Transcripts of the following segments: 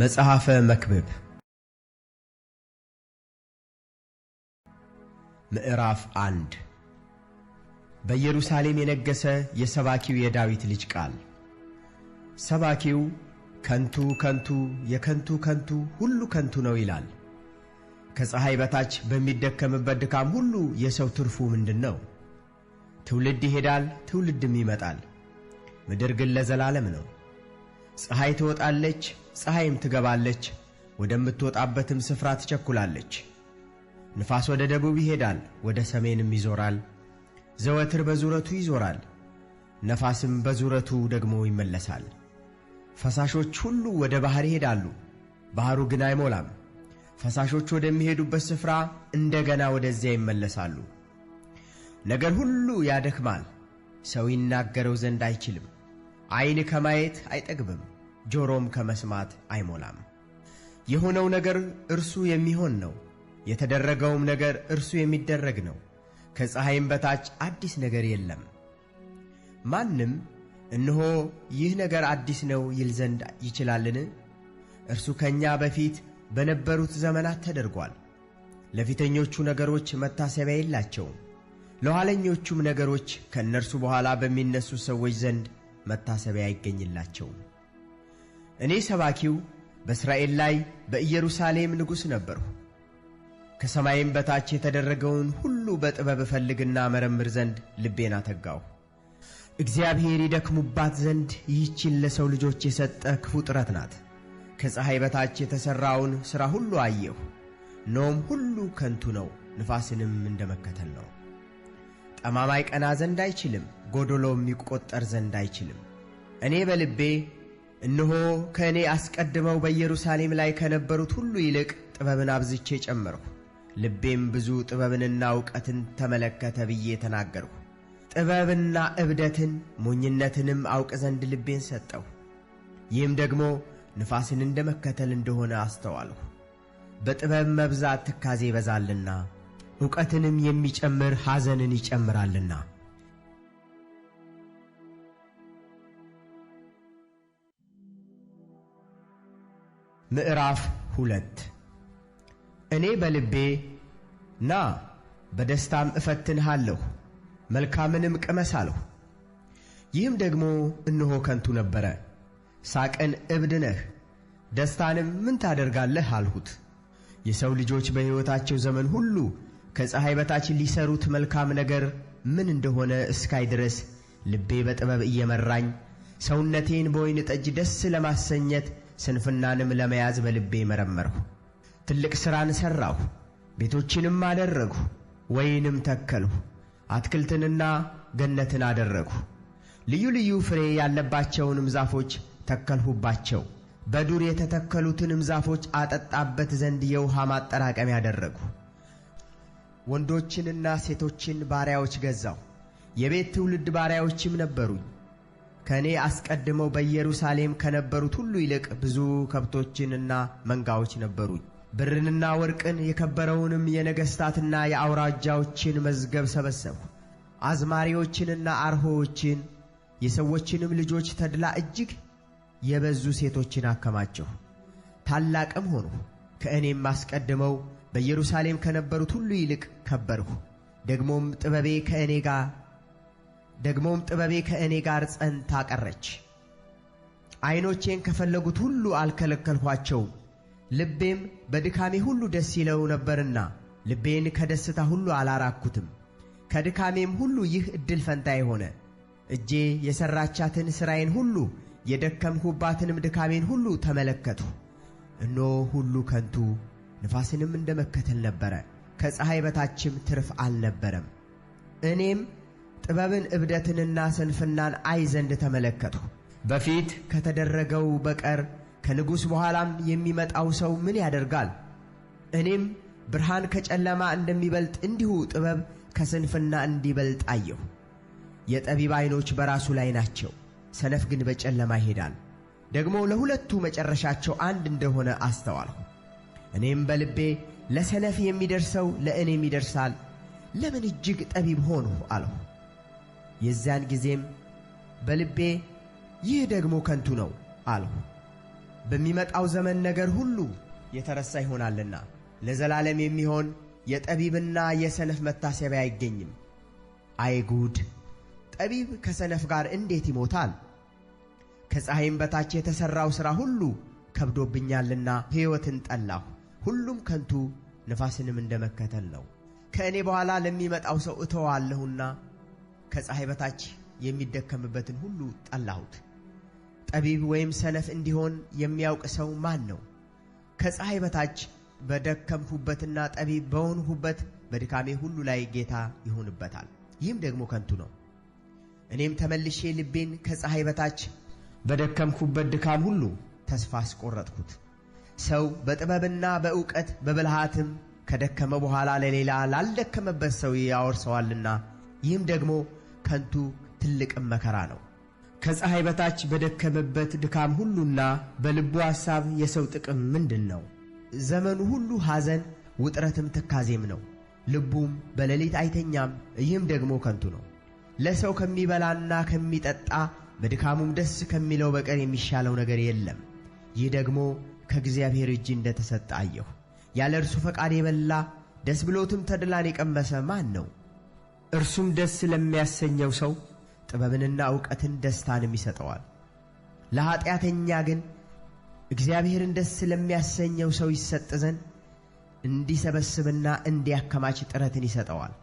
መጽሐፈ መክብብ ምዕራፍ አንድ በኢየሩሳሌም የነገሠ የሰባኪው የዳዊት ልጅ ቃል። ሰባኪው ከንቱ ከንቱ የከንቱ ከንቱ ሁሉ ከንቱ ነው ይላል። ከፀሐይ በታች በሚደከምበት ድካም ሁሉ የሰው ትርፉ ምንድን ነው? ትውልድ ይሄዳል፣ ትውልድም ይመጣል፤ ምድር ግን ለዘላለም ነው። ፀሐይ ትወጣለች፣ ፀሐይም ትገባለች፣ ወደምትወጣበትም ስፍራ ትቸኩላለች። ንፋስ ወደ ደቡብ ይሄዳል፣ ወደ ሰሜንም ይዞራል፣ ዘወትር በዙረቱ ይዞራል፣ ነፋስም በዙረቱ ደግሞ ይመለሳል። ፈሳሾች ሁሉ ወደ ባሕር ይሄዳሉ፣ ባሕሩ ግን አይሞላም። ፈሳሾች ወደሚሄዱበት ስፍራ እንደገና ወደዚያ ይመለሳሉ። ነገር ሁሉ ያደክማል፣ ሰው ይናገረው ዘንድ አይችልም። አይን ከማየት አይጠግብም፣ ጆሮም ከመስማት አይሞላም። የሆነው ነገር እርሱ የሚሆን ነው፣ የተደረገውም ነገር እርሱ የሚደረግ ነው። ከፀሐይም በታች አዲስ ነገር የለም። ማንም እነሆ ይህ ነገር አዲስ ነው ይል ዘንድ ይችላልን? እርሱ ከእኛ በፊት በነበሩት ዘመናት ተደርጓል። ለፊተኞቹ ነገሮች መታሰቢያ የላቸውም፣ ለኋለኞቹም ነገሮች ከእነርሱ በኋላ በሚነሱ ሰዎች ዘንድ መታሰቢያ አይገኝላቸውም። እኔ ሰባኪው በእስራኤል ላይ በኢየሩሳሌም ንጉሥ ነበርሁ። ከሰማይም በታች የተደረገውን ሁሉ በጥበብ እፈልግና መረምር ዘንድ ልቤን አተጋሁ። እግዚአብሔር ይደክሙባት ዘንድ ይህችን ለሰው ልጆች የሰጠ ክፉ ጥረት ናት። ከፀሐይ በታች የተሠራውን ሥራ ሁሉ አየሁ። ኖም ሁሉ ከንቱ ነው፣ ንፋስንም እንደ መከተል ነው። ጠማማይ ቀና ዘንድ አይችልም፣ ጎዶሎም ይቈጠር ዘንድ አይችልም። እኔ በልቤ እነሆ ከእኔ አስቀድመው በኢየሩሳሌም ላይ ከነበሩት ሁሉ ይልቅ ጥበብን አብዝቼ ጨመርሁ፣ ልቤም ብዙ ጥበብንና እውቀትን ተመለከተ ብዬ ተናገርሁ። ጥበብና እብደትን ሞኝነትንም አውቅ ዘንድ ልቤን ሰጠሁ። ይህም ደግሞ ንፋስን እንደ መከተል እንደሆነ አስተዋልሁ። በጥበብ መብዛት ትካዜ ይበዛልና ዕውቀትንም የሚጨምር ሐዘንን ይጨምራልና። ምዕራፍ ሁለት እኔ በልቤ ና በደስታም እፈትንሃለሁ መልካምንም ቅመስ አለሁ። ይህም ደግሞ እነሆ ከንቱ ነበረ። ሳቅን እብድ ነህ፣ ደስታንም ምን ታደርጋለህ አልሁት። የሰው ልጆች በሕይወታቸው ዘመን ሁሉ ከፀሐይ በታች ሊሰሩት መልካም ነገር ምን እንደሆነ እስካይ ድረስ ልቤ በጥበብ እየመራኝ ሰውነቴን በወይን ጠጅ ደስ ለማሰኘት ስንፍናንም ለመያዝ በልቤ መረመርሁ። ትልቅ ሥራን ሠራሁ፣ ቤቶችንም አደረግሁ፣ ወይንም ተከልሁ፣ አትክልትንና ገነትን አደረግሁ። ልዩ ልዩ ፍሬ ያለባቸውንም ዛፎች ተከልሁባቸው። በዱር የተተከሉትንም ዛፎች አጠጣበት ዘንድ የውሃ ማጠራቀሚያ አደረግሁ። ወንዶችንና ሴቶችን ባሪያዎች ገዛሁ። የቤት ትውልድ ባሪያዎችም ነበሩኝ። ከእኔ አስቀድመው በኢየሩሳሌም ከነበሩት ሁሉ ይልቅ ብዙ ከብቶችንና መንጋዎች ነበሩኝ። ብርንና ወርቅን የከበረውንም የነገሥታትና የአውራጃዎችን መዝገብ ሰበሰብሁ። አዝማሪዎችንና አርሆዎችን የሰዎችንም ልጆች ተድላ እጅግ የበዙ ሴቶችን አከማቸሁ። ታላቅም ሆንሁ። ከእኔም አስቀድመው በኢየሩሳሌም ከነበሩት ሁሉ ይልቅ ከበርሁ። ደግሞም ጥበቤ ከእኔ ጋር ደግሞም ጥበቤ ከእኔ ጋር ጸንታ ቀረች። ዓይኖቼን ከፈለጉት ሁሉ አልከለከልኋቸውም። ልቤም በድካሜ ሁሉ ደስ ይለው ነበርና ልቤን ከደስታ ሁሉ አላራኩትም። ከድካሜም ሁሉ ይህ እድል ፈንታ የሆነ እጄ የሠራቻትን ሥራዬን ሁሉ የደከምሁባትንም ድካሜን ሁሉ ተመለከቱ። እነሆ ሁሉ ከንቱ፣ ንፋስንም እንደ መከተል ነበረ፣ ከፀሐይ በታችም ትርፍ አልነበረም። እኔም ጥበብን እብደትንና ስንፍናን አይ ዘንድ ተመለከትሁ። በፊት ከተደረገው በቀር ከንጉሥ በኋላም የሚመጣው ሰው ምን ያደርጋል? እኔም ብርሃን ከጨለማ እንደሚበልጥ እንዲሁ ጥበብ ከስንፍና እንዲበልጥ አየሁ። የጠቢብ ዐይኖች በራሱ ላይ ናቸው፣ ሰነፍ ግን በጨለማ ይሄዳል። ደግሞ ለሁለቱ መጨረሻቸው አንድ እንደሆነ አስተዋልሁ። እኔም በልቤ ለሰነፍ የሚደርሰው ለእኔም ይደርሳል፣ ለምን እጅግ ጠቢብ ሆንሁ አልሁ። የዚያን ጊዜም በልቤ ይህ ደግሞ ከንቱ ነው አልሁ። በሚመጣው ዘመን ነገር ሁሉ የተረሳ ይሆናልና ለዘላለም የሚሆን የጠቢብና የሰነፍ መታሰቢያ አይገኝም። አይጉድ! ጠቢብ ከሰነፍ ጋር እንዴት ይሞታል? ከፀሐይም በታች የተሠራው ሥራ ሁሉ ከብዶብኛልና ሕይወትን ጠላሁ። ሁሉም ከንቱ ነፋስንም እንደ መከተል ነው። ከእኔ በኋላ ለሚመጣው ሰው እተዋለሁና ከፀሐይ በታች የሚደከምበትን ሁሉ ጠላሁት። ጠቢብ ወይም ሰነፍ እንዲሆን የሚያውቅ ሰው ማን ነው? ከፀሐይ በታች በደከምሁበትና ጠቢብ በሆንሁበት በድካሜ ሁሉ ላይ ጌታ ይሆንበታል። ይህም ደግሞ ከንቱ ነው። እኔም ተመልሼ ልቤን ከፀሐይ በታች በደከምኩበት ድካም ሁሉ ተስፋ አስቆረጥኩት። ሰው በጥበብና በእውቀት በብልሃትም ከደከመ በኋላ ለሌላ ላልደከመበት ሰው ያወርሰዋልና ይህም ደግሞ ከንቱ ትልቅም መከራ ነው። ከፀሐይ በታች በደከመበት ድካም ሁሉና በልቡ ሐሳብ የሰው ጥቅም ምንድን ነው? ዘመኑ ሁሉ ሐዘን ውጥረትም ትካዜም ነው። ልቡም በሌሊት አይተኛም። ይህም ደግሞ ከንቱ ነው። ለሰው ከሚበላና ከሚጠጣ በድካሙም ደስ ከሚለው በቀር የሚሻለው ነገር የለም። ይህ ደግሞ ከእግዚአብሔር እጅ እንደ ተሰጠ አየሁ። ያለ እርሱ ፈቃድ የበላ ደስ ብሎትም ተድላን የቀመሰ ማን ነው? እርሱም ደስ ለሚያሰኘው ሰው ጥበብንና ዕውቀትን ደስታንም ይሰጠዋል። ለኀጢአተኛ ግን እግዚአብሔርን ደስ ለሚያሰኘው ሰው ይሰጥ ዘንድ እንዲሰበስብና እንዲያከማች ጥረትን ይሰጠዋል።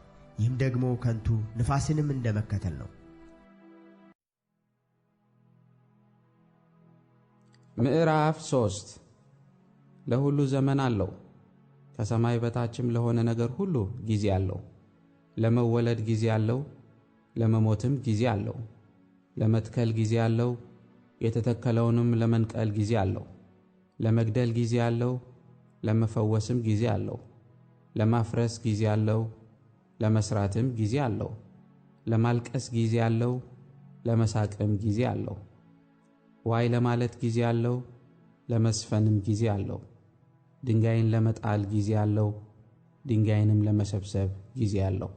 ይህም ደግሞ ከንቱ ንፋስንም እንደ መከተል ነው። ምዕራፍ ሶስት ለሁሉ ዘመን አለው፣ ከሰማይ በታችም ለሆነ ነገር ሁሉ ጊዜ አለው። ለመወለድ ጊዜ አለው፣ ለመሞትም ጊዜ አለው። ለመትከል ጊዜ አለው፣ የተተከለውንም ለመንቀል ጊዜ አለው። ለመግደል ጊዜ አለው፣ ለመፈወስም ጊዜ አለው። ለማፍረስ ጊዜ አለው፣ ለመስራትም ጊዜ አለው። ለማልቀስ ጊዜ አለው፣ ለመሳቅም ጊዜ አለው። ዋይ ለማለት ጊዜ አለው፣ ለመስፈንም ጊዜ አለው። ድንጋይን ለመጣል ጊዜ አለው፣ ድንጋይንም ለመሰብሰብ ጊዜ አለው።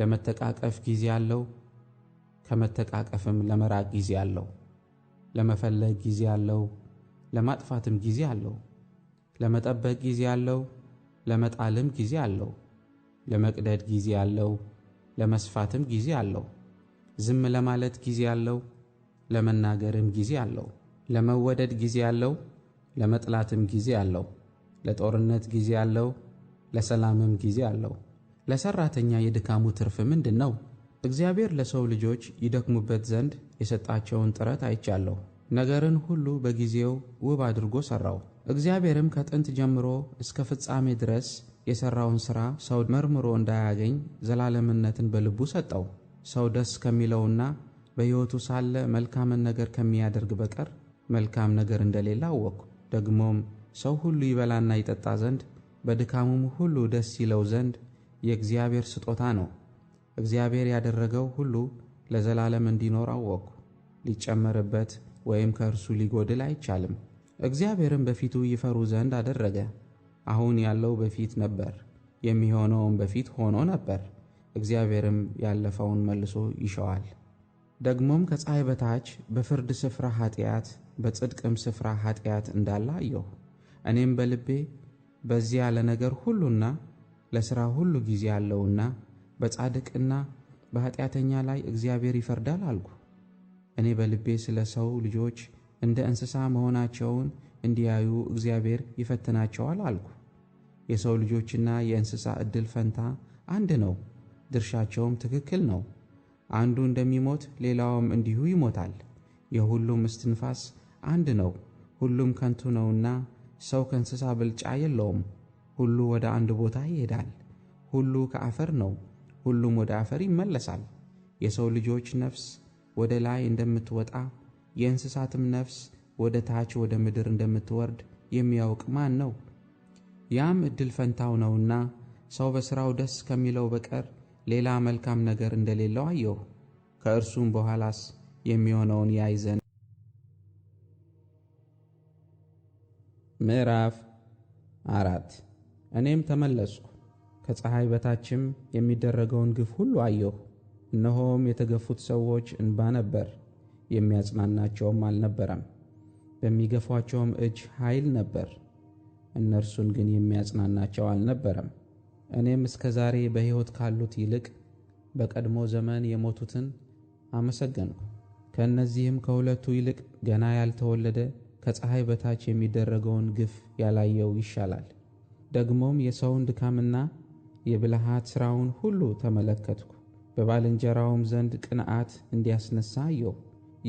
ለመተቃቀፍ ጊዜ አለው፣ ከመተቃቀፍም ለመራቅ ጊዜ አለው። ለመፈለግ ጊዜ አለው፣ ለማጥፋትም ጊዜ አለው። ለመጠበቅ ጊዜ አለው፣ ለመጣልም ጊዜ አለው። ለመቅደድ ጊዜ አለው፣ ለመስፋትም ጊዜ አለው። ዝም ለማለት ጊዜ አለው ለመናገርም ጊዜ አለው። ለመወደድ ጊዜ አለው፣ ለመጥላትም ጊዜ አለው። ለጦርነት ጊዜ አለው፣ ለሰላምም ጊዜ አለው። ለሰራተኛ የድካሙ ትርፍ ምንድን ነው? እግዚአብሔር ለሰው ልጆች ይደክሙበት ዘንድ የሰጣቸውን ጥረት አይቻለሁ። ነገርን ሁሉ በጊዜው ውብ አድርጎ ሠራው። እግዚአብሔርም ከጥንት ጀምሮ እስከ ፍጻሜ ድረስ የሠራውን ሥራ ሰው መርምሮ እንዳያገኝ ዘላለምነትን በልቡ ሰጠው። ሰው ደስ ከሚለውና በሕይወቱ ሳለ መልካምን ነገር ከሚያደርግ በቀር መልካም ነገር እንደሌለ አወቅኩ። ደግሞም ሰው ሁሉ ይበላና ይጠጣ ዘንድ በድካሙም ሁሉ ደስ ይለው ዘንድ የእግዚአብሔር ስጦታ ነው። እግዚአብሔር ያደረገው ሁሉ ለዘላለም እንዲኖር አወቅኩ። ሊጨመርበት ወይም ከእርሱ ሊጎድል አይቻልም። እግዚአብሔርም በፊቱ ይፈሩ ዘንድ አደረገ። አሁን ያለው በፊት ነበር፣ የሚሆነውም በፊት ሆኖ ነበር። እግዚአብሔርም ያለፈውን መልሶ ይሸዋል። ደግሞም ከፀሐይ በታች በፍርድ ስፍራ ኃጢአት በጽድቅም ስፍራ ኃጢአት እንዳለ አየሁ። እኔም በልቤ በዚያ ለነገር ሁሉና ለሥራ ሁሉ ጊዜ አለውና በጻድቅና በኃጢአተኛ ላይ እግዚአብሔር ይፈርዳል አልኩ። እኔ በልቤ ስለ ሰው ልጆች እንደ እንስሳ መሆናቸውን እንዲያዩ እግዚአብሔር ይፈትናቸዋል አልኩ። የሰው ልጆችና የእንስሳ ዕድል ፈንታ አንድ ነው፣ ድርሻቸውም ትክክል ነው። አንዱ እንደሚሞት ሌላውም እንዲሁ ይሞታል። የሁሉም እስትንፋስ አንድ ነው። ሁሉም ከንቱ ነውና ሰው ከእንስሳ ብልጫ የለውም። ሁሉ ወደ አንድ ቦታ ይሄዳል። ሁሉ ከአፈር ነው፣ ሁሉም ወደ አፈር ይመለሳል። የሰው ልጆች ነፍስ ወደ ላይ እንደምትወጣ የእንስሳትም ነፍስ ወደ ታች ወደ ምድር እንደምትወርድ የሚያውቅ ማን ነው? ያም ዕድል ፈንታው ነውና ሰው በሥራው ደስ ከሚለው በቀር ሌላ መልካም ነገር እንደሌለው አየሁ። ከእርሱም በኋላስ የሚሆነውን ያይ ዘንድ ምዕራፍ አራት እኔም ተመለስኩ፣ ከፀሐይ በታችም የሚደረገውን ግፍ ሁሉ አየሁ። እነሆም የተገፉት ሰዎች እንባ ነበር፣ የሚያጽናናቸውም አልነበረም። በሚገፏቸውም እጅ ኃይል ነበር፣ እነርሱን ግን የሚያጽናናቸው አልነበረም። እኔም እስከ ዛሬ በሕይወት ካሉት ይልቅ በቀድሞ ዘመን የሞቱትን አመሰገንኩ። ከእነዚህም ከሁለቱ ይልቅ ገና ያልተወለደ ከፀሐይ በታች የሚደረገውን ግፍ ያላየው ይሻላል። ደግሞም የሰውን ድካምና የብልሃት ሥራውን ሁሉ ተመለከትኩ። በባልንጀራውም ዘንድ ቅንዓት እንዲያስነሳ አየሁ።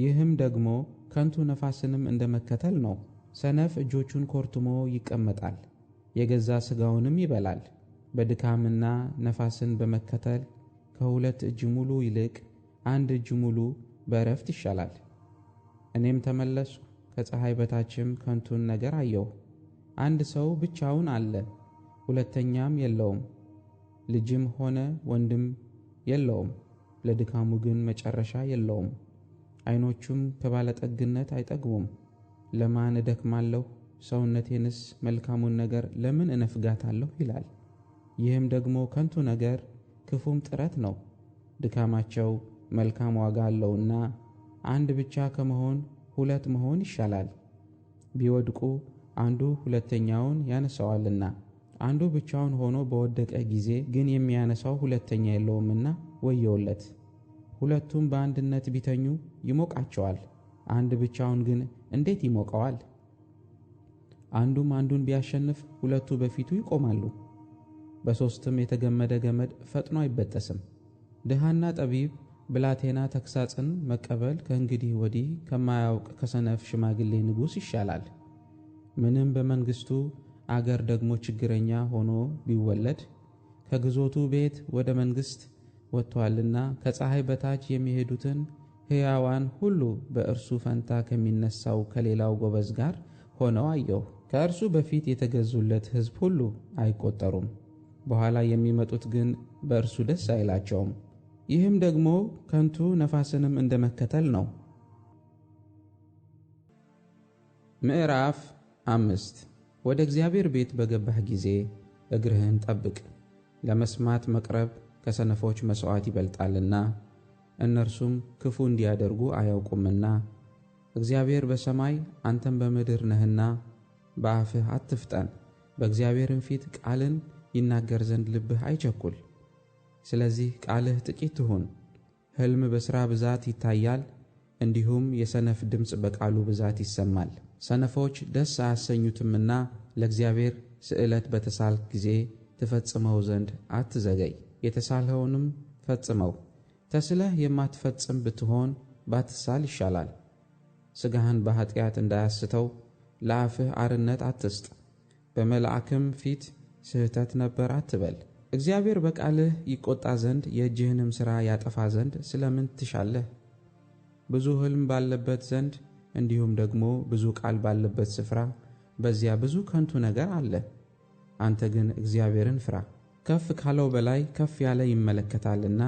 ይህም ደግሞ ከንቱ ነፋስንም እንደ መከተል ነው። ሰነፍ እጆቹን ኮርትሞ ይቀመጣል፣ የገዛ ሥጋውንም ይበላል። በድካምና ነፋስን በመከተል ከሁለት እጅ ሙሉ ይልቅ አንድ እጅ ሙሉ በእረፍት ይሻላል። እኔም ተመለስኩ፣ ከፀሐይ በታችም ከንቱን ነገር አየሁ። አንድ ሰው ብቻውን አለ፣ ሁለተኛም የለውም። ልጅም ሆነ ወንድም የለውም፣ ለድካሙ ግን መጨረሻ የለውም። ዓይኖቹም ከባለጠግነት አይጠግቡም። ለማን እደክማለሁ? ሰውነቴንስ መልካሙን ነገር ለምን እነፍጋታለሁ? ይላል። ይህም ደግሞ ከንቱ ነገር ክፉም ጥረት ነው። ድካማቸው መልካም ዋጋ አለውና አንድ ብቻ ከመሆን ሁለት መሆን ይሻላል። ቢወድቁ አንዱ ሁለተኛውን ያነሳዋልና አንዱ ብቻውን ሆኖ በወደቀ ጊዜ ግን የሚያነሳው ሁለተኛ የለውምና ወየውለት። ሁለቱም በአንድነት ቢተኙ ይሞቃቸዋል፣ አንድ ብቻውን ግን እንዴት ይሞቀዋል? አንዱም አንዱን ቢያሸንፍ ሁለቱ በፊቱ ይቆማሉ። በሦስትም የተገመደ ገመድ ፈጥኖ አይበጠስም። ድሃና ጠቢብ ብላቴና ተክሳጽን መቀበል ከእንግዲህ ወዲህ ከማያውቅ ከሰነፍ ሽማግሌ ንጉሥ ይሻላል። ምንም በመንግሥቱ አገር ደግሞ ችግረኛ ሆኖ ቢወለድ ከግዞቱ ቤት ወደ መንግሥት ወጥቶአልና ከፀሐይ በታች የሚሄዱትን ሕያዋን ሁሉ በእርሱ ፈንታ ከሚነሳው ከሌላው ጎበዝ ጋር ሆነው አየሁ። ከእርሱ በፊት የተገዙለት ሕዝብ ሁሉ አይቆጠሩም። በኋላ የሚመጡት ግን በእርሱ ደስ አይላቸውም። ይህም ደግሞ ከንቱ ነፋስንም እንደ መከተል ነው። ምዕራፍ አምስት ወደ እግዚአብሔር ቤት በገባህ ጊዜ እግርህን ጠብቅ፣ ለመስማት መቅረብ ከሰነፎች መሥዋዕት ይበልጣልና እነርሱም ክፉ እንዲያደርጉ አያውቁምና። እግዚአብሔር በሰማይ አንተም በምድር ነህና በአፍህ አትፍጠን፣ በእግዚአብሔርም ፊት ቃልን ይናገር ዘንድ ልብህ አይቸኩል። ስለዚህ ቃልህ ጥቂት ትሁን። ሕልም በሥራ ብዛት ይታያል፣ እንዲሁም የሰነፍ ድምፅ በቃሉ ብዛት ይሰማል። ሰነፎች ደስ አያሰኙትምና ለእግዚአብሔር ስዕለት በተሳል ጊዜ ትፈጽመው ዘንድ አትዘገይ። የተሳልኸውንም ፈጽመው። ተስለህ የማትፈጽም ብትሆን ባትሳል ይሻላል። ሥጋህን በኀጢአት እንዳያስተው ለአፍህ አርነት አትስጥ። በመልአክም ፊት ስህተት ነበር አትበል። እግዚአብሔር በቃልህ ይቆጣ ዘንድ የእጅህንም ሥራ ያጠፋ ዘንድ ስለምን ትሻለህ? ብዙ ሕልም ባለበት ዘንድ እንዲሁም ደግሞ ብዙ ቃል ባለበት ስፍራ በዚያ ብዙ ከንቱ ነገር አለ። አንተ ግን እግዚአብሔርን ፍራ፣ ከፍ ካለው በላይ ከፍ ያለ ይመለከታልና፣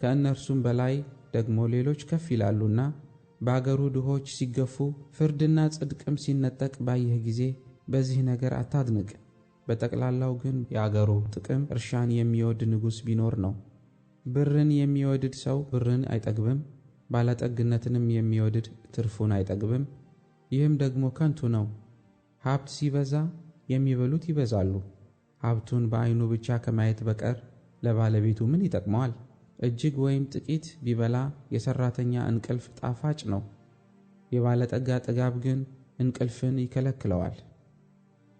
ከእነርሱም በላይ ደግሞ ሌሎች ከፍ ይላሉና። በአገሩ ድሆች ሲገፉ ፍርድና ጽድቅም ሲነጠቅ ባየህ ጊዜ በዚህ ነገር አታድንቅ። በጠቅላላው ግን የአገሩ ጥቅም እርሻን የሚወድ ንጉሥ ቢኖር ነው። ብርን የሚወድድ ሰው ብርን አይጠግብም፣ ባለጠግነትንም የሚወድድ ትርፉን አይጠግብም። ይህም ደግሞ ከንቱ ነው። ሀብት ሲበዛ የሚበሉት ይበዛሉ። ሀብቱን በዓይኑ ብቻ ከማየት በቀር ለባለቤቱ ምን ይጠቅመዋል? እጅግ ወይም ጥቂት ቢበላ የሠራተኛ እንቅልፍ ጣፋጭ ነው። የባለጠጋ ጥጋብ ግን እንቅልፍን ይከለክለዋል።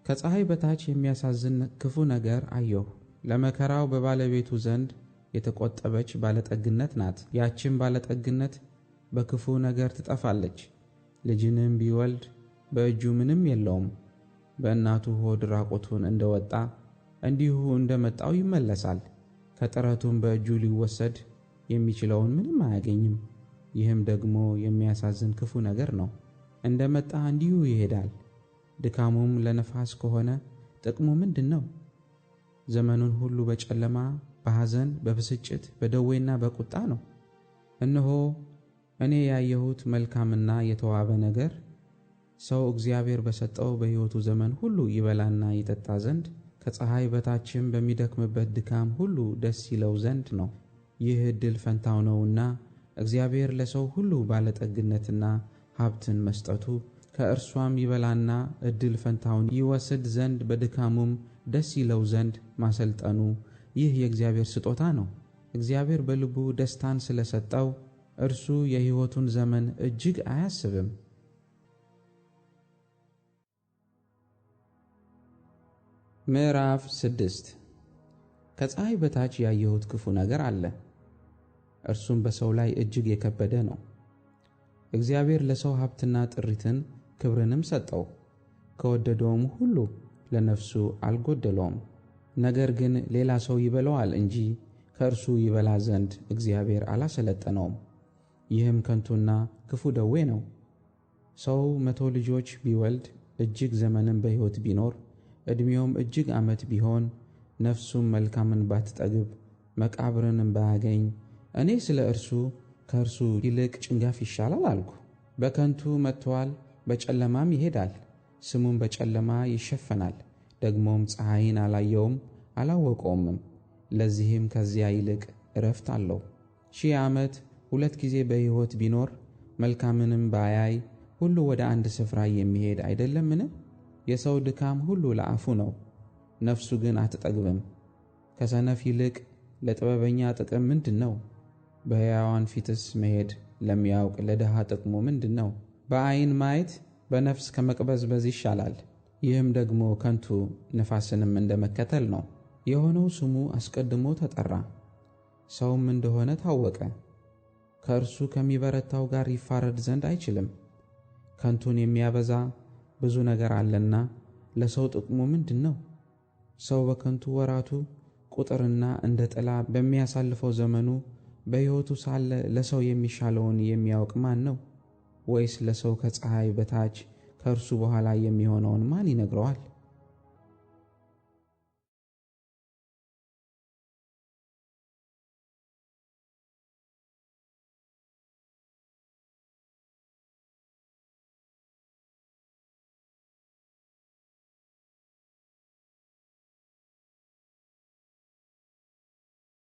ከፀሐይ በታች የሚያሳዝን ክፉ ነገር አየሁ። ለመከራው በባለቤቱ ዘንድ የተቆጠበች ባለጠግነት ናት። ያችን ባለጠግነት በክፉ ነገር ትጠፋለች። ልጅንም ቢወልድ በእጁ ምንም የለውም። በእናቱ ሆድ ራቁቱን እንደወጣ እንዲሁ እንደመጣው ይመለሳል። ከጥረቱም በእጁ ሊወሰድ የሚችለውን ምንም አያገኝም። ይህም ደግሞ የሚያሳዝን ክፉ ነገር ነው። እንደመጣ እንዲሁ ይሄዳል። ድካሙም ለነፋስ ከሆነ ጥቅሙ ምንድን ነው? ዘመኑን ሁሉ በጨለማ በሐዘን በብስጭት በደዌና በቁጣ ነው። እነሆ እኔ ያየሁት መልካምና የተዋበ ነገር ሰው እግዚአብሔር በሰጠው በሕይወቱ ዘመን ሁሉ ይበላና ይጠጣ ዘንድ ከፀሐይ በታችም በሚደክምበት ድካም ሁሉ ደስ ይለው ዘንድ ነው። ይህ ዕድል ፈንታው ነውና እግዚአብሔር ለሰው ሁሉ ባለጠግነትና ሀብትን መስጠቱ ከእርሷም ይበላና እድል ፈንታውን ይወስድ ዘንድ በድካሙም ደስ ይለው ዘንድ ማሰልጠኑ ይህ የእግዚአብሔር ስጦታ ነው። እግዚአብሔር በልቡ ደስታን ስለሰጠው እርሱ የሕይወቱን ዘመን እጅግ አያስብም። ምዕራፍ ስድስት ከፀሐይ በታች ያየሁት ክፉ ነገር አለ፣ እርሱም በሰው ላይ እጅግ የከበደ ነው። እግዚአብሔር ለሰው ሀብትና ጥሪትን ክብርንም ሰጠው። ከወደደውም ሁሉ ለነፍሱ አልጎደለውም። ነገር ግን ሌላ ሰው ይበለዋል እንጂ ከእርሱ ይበላ ዘንድ እግዚአብሔር አላሰለጠነውም። ይህም ከንቱና ክፉ ደዌ ነው። ሰው መቶ ልጆች ቢወልድ እጅግ ዘመንም በሕይወት ቢኖር ዕድሜውም እጅግ ዓመት ቢሆን ነፍሱም መልካምን ባትጠግብ መቃብርንም ባያገኝ እኔ ስለ እርሱ ከእርሱ ይልቅ ጭንጋፍ ይሻላል አልኩ። በከንቱ መጥተዋል በጨለማም ይሄዳል፣ ስሙም በጨለማ ይሸፈናል። ደግሞም ፀሐይን አላየውም አላወቀውምም። ለዚህም ከዚያ ይልቅ እረፍት አለው። ሺህ ዓመት ሁለት ጊዜ በሕይወት ቢኖር መልካምንም ባያይ ሁሉ ወደ አንድ ስፍራ የሚሄድ አይደለምን? የሰው ድካም ሁሉ ለአፉ ነው፣ ነፍሱ ግን አትጠግብም። ከሰነፍ ይልቅ ለጥበበኛ ጥቅም ምንድን ነው? በሕያዋን ፊትስ መሄድ ለሚያውቅ ለድሃ ጥቅሙ ምንድን ነው? በአይን ማየት በነፍስ ከመቅበዝበዝ ይሻላል። ይህም ደግሞ ከንቱ ነፋስንም እንደ መከተል ነው። የሆነው ስሙ አስቀድሞ ተጠራ፣ ሰውም እንደሆነ ታወቀ። ከእርሱ ከሚበረታው ጋር ይፋረድ ዘንድ አይችልም። ከንቱን የሚያበዛ ብዙ ነገር አለና ለሰው ጥቅሙ ምንድን ነው? ሰው በከንቱ ወራቱ ቁጥርና እንደ ጥላ በሚያሳልፈው ዘመኑ በሕይወቱ ሳለ ለሰው የሚሻለውን የሚያውቅ ማን ነው? ወይስ ለሰው ከፀሐይ በታች ከእርሱ በኋላ የሚሆነውን ማን ይነግረዋል?